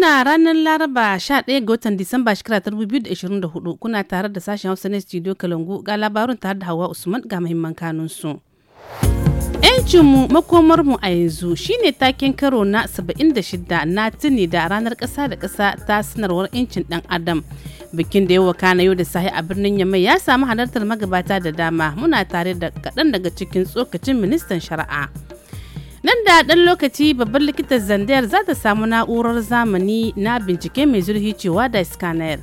kuna ranar Laraba 11 ga watan Disamba shekara 2024 kuna tare da sashen Hausa na Studio Kalangu ga labarun tare da Hawa Usman ga mahimman kanunsu. ‘Yancinmu makomarmu a yanzu shine taken karo na 76 na tuni da ranar kasa da kasa ta sanarwar ‘yancin dan Adam. Bikin da yawa kana yau da sahi a birnin Yamai ya samu halartar magabata da dama muna tare da kaɗan daga cikin tsokacin ministan shari'a. nan da ɗan lokaci babbar likitar zandayar za ta samu na'urar zamani na bincike mai zurfi cewa da scanner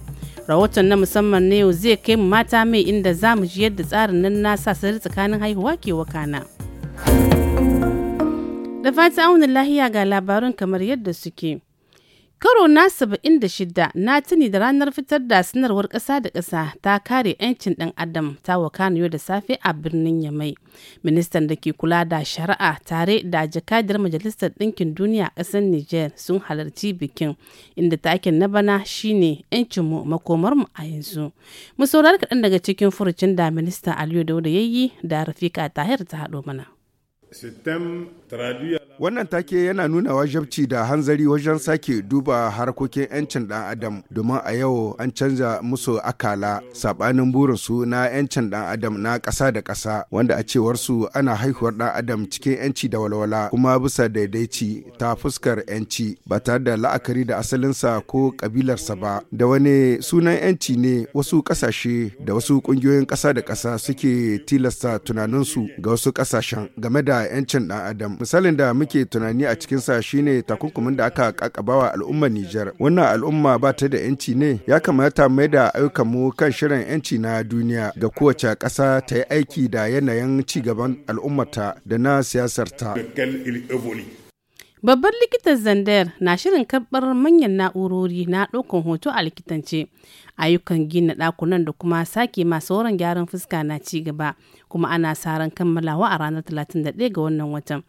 rahoton na musamman na yau zai kai mu mata mai inda za mu ji yadda tsarin nan na sa sarri tsakanin haihuwa ke wakana da fata auna lahiya ga labarun kamar yadda suke Karo na 76 na tuni da ranar fitar da sanarwar ƙasa da ƙasa ta kare 'yancin ɗan adam ta yau da safe a birnin Yamai. Ministan da ke kula da shari'a tare da jakadiyar Majalisar Ɗinkin Duniya a ƙasar Nijar sun halarci bikin inda takin na bana shine 'yancinmu makomarmu a yanzu. Mu kaɗan daga cikin furucin da Minista Aliyu Dauda yayi da Rafika Tahir ta haɗo mana. Wannan take yana nuna wajabci da hanzari wajen sake duba harkokin 'yancin ɗan adam domin a yau an canza musu akala saɓanin burinsu na 'yancin ɗan adam na ƙasa da ƙasa wanda a cewarsu ana haihuwar ɗan adam cikin 'yanci da walwala kuma bisa daidaici ta fuskar 'yanci ba tare da la'akari da asalinsa ko ƙabilarsa ba da wani sunan 'yanci ne wasu ƙasashe da wasu ƙungiyoyin ƙasa da ƙasa suke tilasta tunaninsu ga wasu ƙasashen game da a 'yancin ɗan adam misalin da muke tunani a cikinsa shine takunkumin da aka kakabawa al'ummar nijar wannan al'umma ba ta da 'yanci ne ya kamata mai da ayyukan mu kan shirin 'yanci na duniya ga kowace ƙasa ta yi aiki da yanayin ci gaban al'ummata da na siyasarta Babbar likitan Zandar na shirin karɓar manyan na'urori na ɗaukan hoto a likitance. Ayyukan gina ɗakunan da kuma sake masu wurin gyaran fuska na ci gaba. kuma ana sa ran kammalawa a ranar 31 ga wannan watan.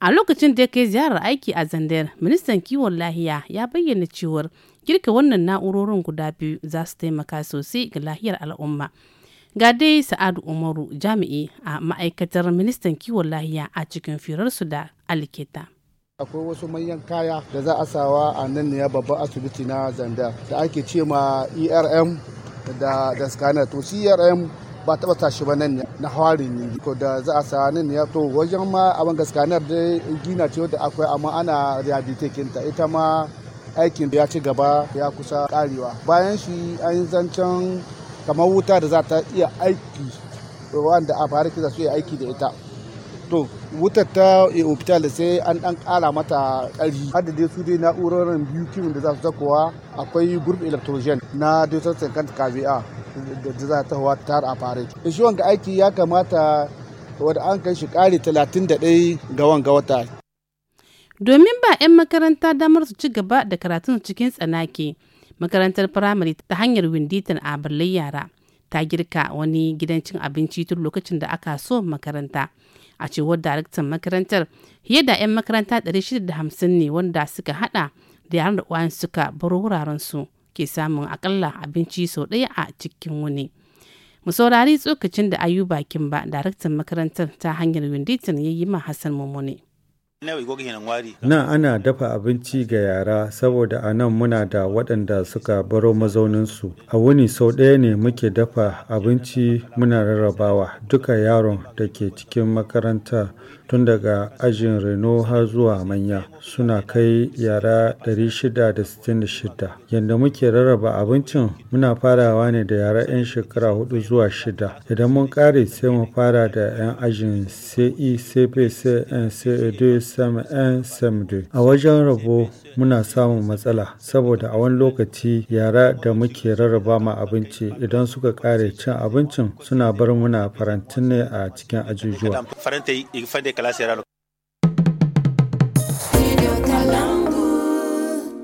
A lokacin da ya kai ziyarar aiki a Zandar, ministan kiwon lahiya ya bayyana cewar girka wannan na'urorin guda biyu za su taimaka sosai ga lahiyar al'umma. Ga dai Sa'adu Umaru jami'i a ma'aikatar ministan kiwon lahiya a cikin firarsu da alketa. akwai wasu manyan kaya da za a sawa a nan ne babban asibiti na zanda da ake ce ma erm da, da scanner to crm e ba taɓa tashi ba nan na hawari ne ko da za a sa nan ya to wajen ma abin gaskanar da gina ce wadda akwai amma ana rehabilitation ta ita ma aikin ya ci gaba ya kusa karewa bayan shi an zancen kamar wuta da za ta iya aiki wanda a fara za su yi aiki da ita to wutar ta eh, da sai an dan kara mata kari. har dai su dai na'urorin biyu kimin da za su takowa akwai group electrogen na 250 kVA da za ta ta tar a fara. shi wanga aiki ya kamata wadda an kai shi kare 31 ga wanga wata domin ba 'yan makaranta damar su ci gaba da karatun cikin tsanake makarantar firamare ta hanyar winditan a yara ta girka wani gidan cin abinci tun lokacin da aka so makaranta a cewar daraktan makarantar fiye da 'yan makaranta 650 ne wanda suka hada da yaran da uwayen suka bar wuraren su ke samun akalla abinci sau ɗaya a cikin wuni mu saurari tsokacin da ayu bakin ba daraktan makarantar ta hanyar winditin ya yi ma hassan mummune na ana dafa abinci ga yara saboda a nan muna da waɗanda suka baro mazauninsu. A wuni sau ɗaya ne muke dafa abinci muna rarrabawa duka yaron da ke cikin makaranta. tun daga ajin reno har zuwa manya suna kai yara 666 yadda muke rarraba abincin muna farawa ne da yara 'yan shekara 4 zuwa 6 idan mun kare sai mu fara da 'yan ajin ce cp e a wajen rabo muna samun matsala saboda a wani lokaci yara da muke rarraba ma abinci idan suka kare cin abincin suna bar muna farantin ne a cikin ajujuwa kalasi yara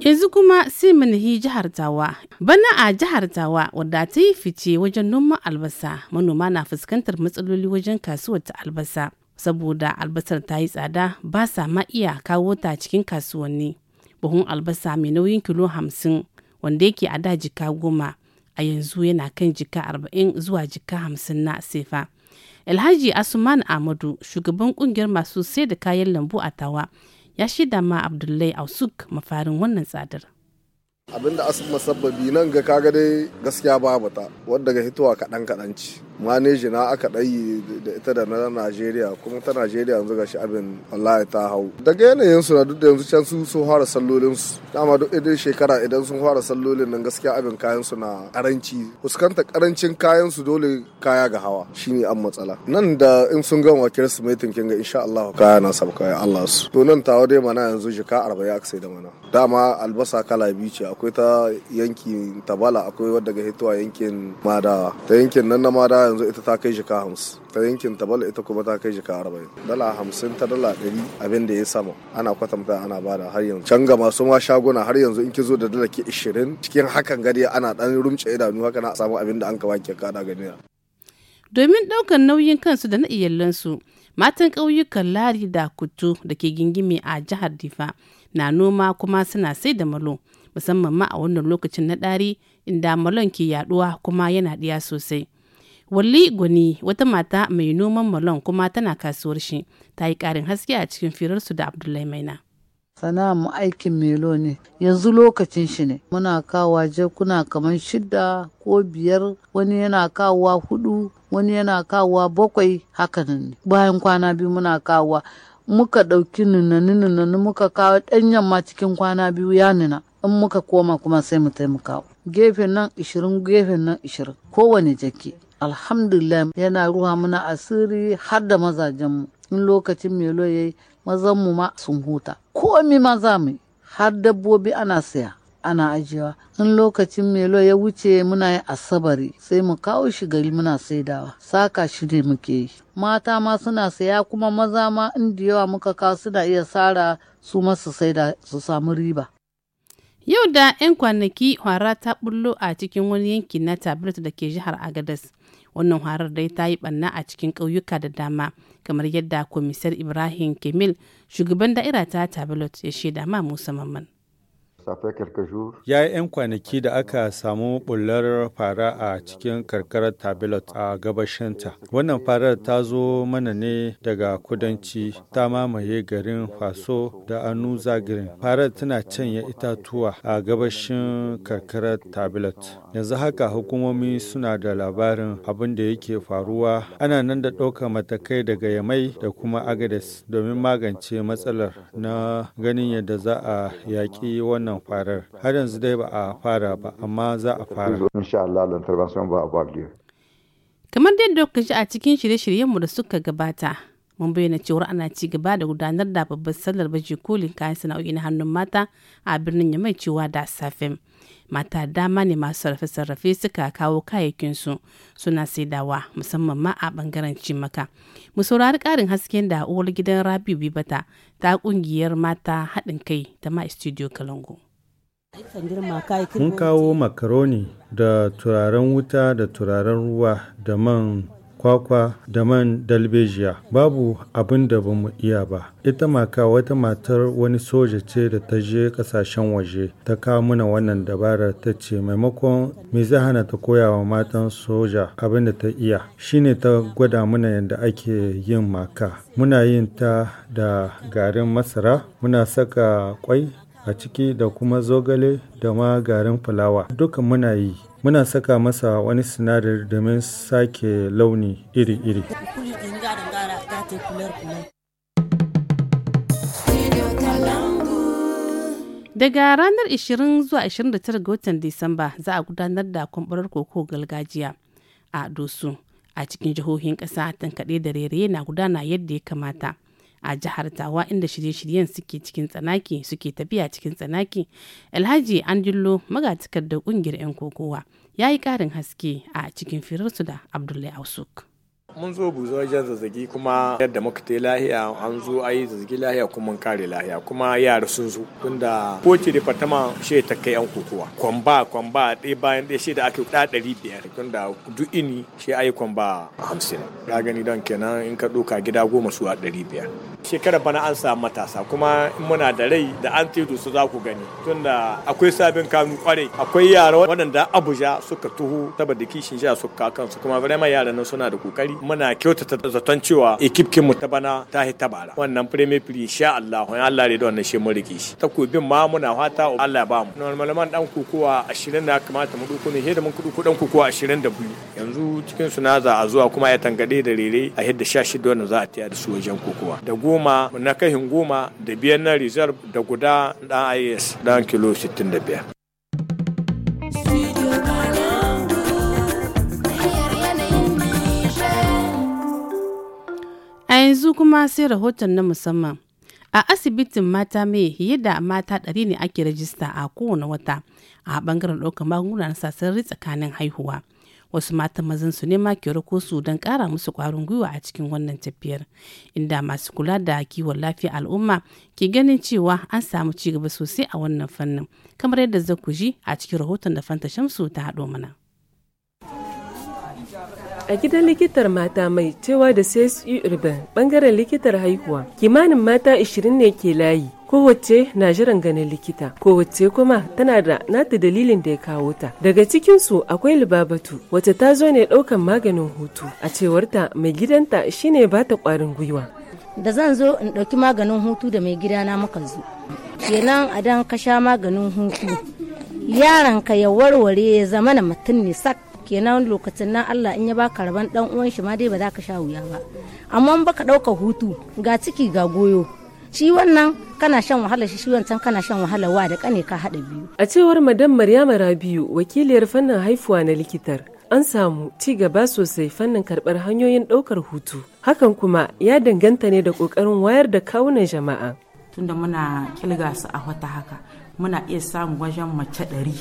Yanzu kuma sai mu yi jihar Tawa. Bana a jihar Tawa wadda ta yi fice wajen noman albasa, manoma na fuskantar matsaloli wajen kasuwar ta albasa. Saboda albasar ta yi tsada ba sa ma iya kawo ta cikin kasuwanni. Buhun albasa mai nauyin kilo hamsin wanda yake a da jika goma a yanzu yana kan jika arba'in zuwa jika hamsin na sefa. Alhaji Asuman amadu shugaban kungiyar masu sai da kayan lambu a Tawa ya shaida ma Abdullahi Ausuk mafarin wannan tsadar. Abin da asu masabbabi nan ga kaga dai gaskiya babu ta wadda ga hitowa kaɗan kaɗan ci maneji na aka ɗayi da ita da na najeriya kuma ta najeriya yanzu ga shi abin wallahi ta hau daga yanayin su na duk da yanzu can su sun fara sallolin su dama duk idan shekara idan sun fara sallolin nan gaskiya abin kayan su na karanci Fuskantar karancin kayan su dole kaya ga hawa shine an matsala nan da in sun gama kirsimetin ga insha Allah kaya na sabka kaya Allah su to nan tawo dai mana yanzu jika 40 aka sai da mana dama albasa kala biyu ce akwai ta yankin tabala akwai wadda ga hitowa yankin madawa ta yankin nan na madawa yanzu ita ta kai jika hamsin ta yankin tabala ita kuma ta kai jika arba'in dala hamsin ta dala ɗari abin da ya sama ana kwatanta ana bada har yanzu can ga masu ma shaguna har yanzu in ki zo da dala ke ishirin cikin hakan gari ana ɗan rumce idanu haka na samu abin da an kawa ke kada ganiya. domin ɗaukar nauyin kansu da na iyalansu matan ƙauyukan lari da kutu da ke gingimi a jihar difa na noma kuma suna sai da malo musamman ma a wannan lokacin na ɗari inda malon ke yaɗuwa kuma yana ɗiya sosai. Walli Gwani wata mata mai noman malon kuma tana kasuwar shi ta yi ƙarin haske a cikin firarsu da Abdullahi Maina. sana'a mu aikin melo ne yanzu lokacin shi ne muna kawa jakuna kamar shida ko biyar wani yana kawa hudu wani yana kawa bakwai haka ne bayan kwana biyu muna kawa muka ɗauki nunani nunani muka kawo ɗanyen ma cikin kwana biyu ya nuna in muka koma kuma sai mu taimaka gefen nan ishirin gefen nan ishirin kowane jaki alhamdulillah yana ruwa muna asiri har da mazajenmu in lokacin melo yi mazanmu ma sun huta komi maza mai har dabbobi ana saya ana ajiyewa in lokacin melo ya wuce muna yi asabari sai mu kawo shi gari muna saidawa saka shi ne muke yi mata ma suna saya kuma maza ma inda yawa muka kawo suna iya sara su masu saida su samu riba Yau da 'yan kwanaki hwara ta bullo a cikin wani yanki na tablet da ke jihar Agadas. Wannan harar dai ta yi banna a cikin ƙauyuka da dama, kamar yadda komisar Ibrahim Kemil, shugaban da'ira ta tablet ya shaida ma Musa Mamman. Ya yi 'yan kwanaki da aka samu bullar fara a cikin karkarar Tabilot a gabashinta. Wannan farar ta zo mana ne daga kudanci ta mamaye garin Faso da Anu Zagirin. Farar tana canya itatuwa a gabashin karkarar Tabilot. Yanzu haka hukumomi suna da labarin abin da yake faruwa. Ana nan da ɗaukar matakai daga Yamai da kuma Agades domin magance matsalar na ganin yadda za a yaƙi wannan wannan farar. Har yanzu dai ba a fara ba, amma za a fara. Kamar dai da kuka a cikin shirye-shiryenmu da suka gabata, mun bayyana cewar ana ci gaba da gudanar da babbar sallar baje kolin kayan sana'o'i na hannun mata a birnin Yamai cewa da safen. mata dama ne masu sarrafe-sarrafe suka kawo kayayyakinsu suna saidawa musamman ma a bangaren cimaka mu saurari karin hasken da uwar gidan rabiu bibata ta kungiyar mata haɗin kai ta ma studio kalango mun kawo makaroni da turaren wuta da turaren ruwa da man kwakwa da man dalbejiya babu abin da ba mu iya ba ita maka wata matar wani soja ce da ta je kasashen waje ta kawo mana wannan dabara ta ce maimakon mai zahana ta koya wa matan soja abin da ta iya shine ta gwada mana yadda ake yin maka muna yin ta da garin masara muna saka kwai a ciki da kuma zogale da ma garin fulawa duka muna yi muna saka masa wani sinadari domin sake launi iri-iri Daga ranar 20 zuwa 29 ga watan Disamba za a gudanar da kwambarar koko galgajiya a Dosu a cikin jihohin ƙasa tankaɗe da rere na gudana yadda ya kamata. a jihar tawa inda shirye-shiryen suke cikin tsanaki suke tafiya cikin tsanaki alhaji jillo magatakar da kungiyar 'yan kokowa ya yi karin haske a cikin firarsu da abdullahi ausuk mun zo buzo wajen zazzagi kuma yadda muka ta lahiya an zo a yi zazzagi lahiya kuma mun kare lahiya kuma yara sun zo tunda ko ce da fatama shi ta kai yan kokowa kwamba kwamba ɗaya bayan ɗaya shi da aka ɗa ɗari biyar tunda duk ini shi a yi kwamba hamsin ka gani don kenan in ka ɗoka gida goma su a ɗari biyar shekarar bana an samu matasa kuma muna da rai da an tedo su za ku gani tunda akwai sabin kanu kwarai akwai yara waɗanda abuja suka tuhu saboda kishin jiya ka kansu kuma vraiment yaran nan suna da kokari muna kyautata zaton cewa ekipkin mu ta bana ta hita bara wannan premier prix sha Allah wani Allah da wannan shi mun rike shi takobin ma muna fata Allah ba mu man dan kukuwa 20 da kamata mu duku ne da mun kudu kudan da 22 yanzu cikin su na za a zuwa kuma ya tangade da rere a hidda 16 wannan za a tiya da su wajen kukuwa da goma na kahin goma da biyan na reserve da guda ɗan is na kilo 65 a yanzu kuma sai rahoton na musamman a asibitin mata mai fiye da mata ɗari ne ake rajista a kowane wata a bangaren ɗaukar magunguna na sassan tsakanin haihuwa wasu matan mazan su ne ma ke rako su don kara musu kwarin gwiwa a cikin wannan tafiyar inda masu kula da kiwon lafiya al'umma ke ganin cewa an samu ci gaba sosai a wannan fannin kamar yadda zaku ji a cikin rahoton da fanta shamsu ta haɗo mana a gidan likitar mata mai cewa da CSU Urban bangaren likitar haihuwa kimanin mata 20 ne ke layi kowace na jiran ganin likita kowace kuma tana da nata dalilin da ya kawo ta daga cikinsu akwai libabatu wacce ta zo ne ɗaukan maganin hutu a cewarta mai gidanta shine ba ta ƙwarin gwiwa da zan zo in ɗauki maganin hutu da mai gidana muka zo kenan a dan ka sha maganin hutu ka ya warware ya zama na mutum ne sak kenan lokacin nan Allah in ya baka rabon dan uwan shi ma dai ba za ka sha wuya ba amma baka ɗauka hutu ga ciki ga goyo shi wannan kana shan wahala shi wancan kana shan wahala wa da kane ka haɗa biyu a cewar madam maryama rabiu wakiliyar fannin haifuwa na likitar an samu ci gaba sosai fannin karɓar hanyoyin ɗaukar hutu hakan kuma ya danganta ne da ƙoƙarin wayar da kawunan jama'a tunda muna kilga su a wata haka muna iya samun wajen mace ɗari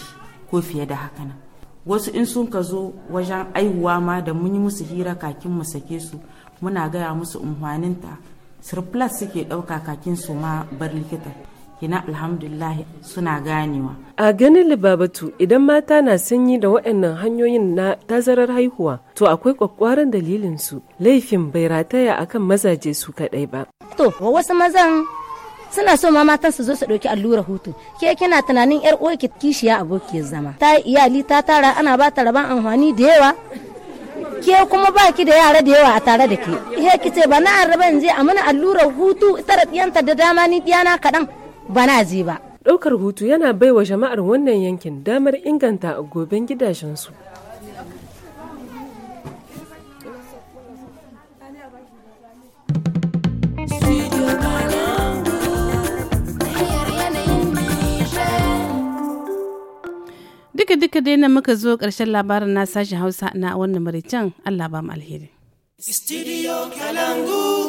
ko fiye da haka nan wasu in sun ka zo wajen aihuwa ma da mun yi musu hira kakin mu sake su muna gaya musu umfaninta surplus suke ɗauka kakin su ma bar likita kina alhamdulillah suna ganewa a ganin libabatu idan mata na sanyi da waɗannan hanyoyin na tazarar haihuwa to akwai kwakwaran dalilin su laifin bai rataya akan mazaje su kaɗai ba to wasu mazan suna so ma matan su zo su ɗauki allurar hutu ke kina tunanin yar uwarki kishiya abokiyar zama ta iyali ta tara ana ba ta raban amfani da yawa ke kuma ba ki da yara da yawa a tare da ke he ki ce ba na an in je a mana allurar hutu ita da ɗiyanta da dama ni tsiyana kaɗan ba na je ba ɗaukar hutu yana baiwa jama'ar wannan yankin damar inganta goben gidajensu duka duka dai nan muka zo ƙarshen labarin na sashen hausa na wannan maricin allah ba mu alheri. Studio Kalangu.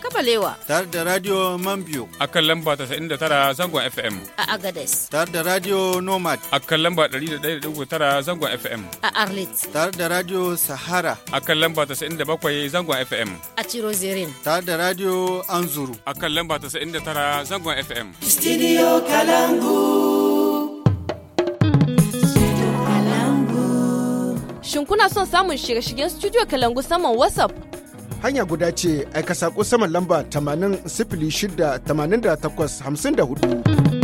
Kabalewa. Tare da Radio Mambio. A kan lamba 99 zangon FM. A Agades. Tare da Radio Nomad. A kan lamba 101.9 zangon FM. A Arlit. Tare da Radio Sahara. A kan lamba 97 zangon FM. A zirin. Tare da Radio Anzuru. A kan lamba 99 zangon FM. Studio Kalangu. Shin kuna son samun shirye-shiryen Studio Kalangu saman WhatsApp? hanya guda ce aika saƙo saman lamba 80 68 54.